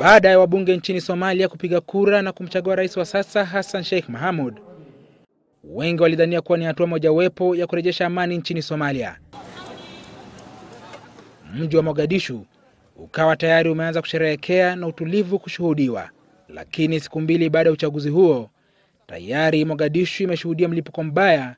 baada ya wabunge nchini Somalia kupiga kura na kumchagua rais wa sasa Hassan Sheikh Mohamud. Wengi walidhania kuwa ni hatua mojawapo ya kurejesha amani nchini Somalia. Mji wa Mogadishu ukawa tayari umeanza kusherehekea na utulivu kushuhudiwa, lakini siku mbili baada ya uchaguzi huo tayari Mogadishu imeshuhudia mlipuko mbaya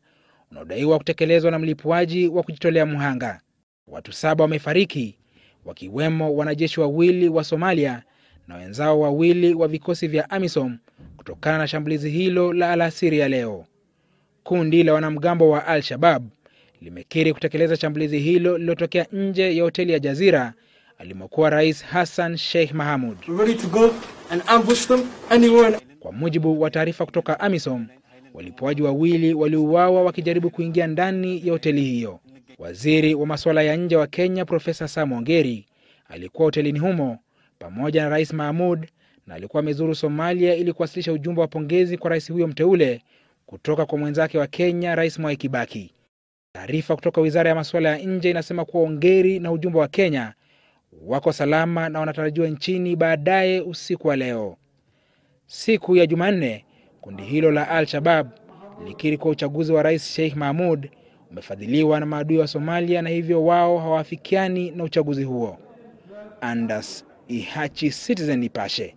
unaodaiwa kutekelezwa na mlipuaji wa kujitolea mhanga. Watu saba wamefariki wakiwemo wanajeshi wawili wa Somalia na wenzao wawili wa vikosi vya AMISOM kutokana na shambulizi hilo la alasiri ya leo. Kundi la wanamgambo wa Al-Shabab limekiri kutekeleza shambulizi hilo lililotokea nje ya hoteli ya Jazira alimokuwa Rais Hassan Sheikh Mahamud. Kwa mujibu wa taarifa kutoka AMISOM, walipoaji wawili waliuawa wakijaribu kuingia ndani ya hoteli hiyo. Waziri wa masuala ya nje wa Kenya Profesa Sam Ongeri alikuwa hotelini humo pamoja na Rais Mahmud na alikuwa amezuru Somalia ili kuwasilisha ujumbe wa pongezi kwa rais huyo mteule kutoka kwa mwenzake wa Kenya, Rais Mwai Kibaki. Taarifa kutoka Wizara ya Masuala ya Nje inasema kuwa ongeri na ujumbe wa Kenya wako salama na wanatarajiwa nchini baadaye usiku wa leo. Siku ya Jumanne, kundi hilo la Al-Shabab likiri kuwa uchaguzi wa Rais Sheikh Mahmud umefadhiliwa na maadui wa Somalia na hivyo wao hawafikiani na uchaguzi huo. Andas Ihachi, Citizen, Nipashe.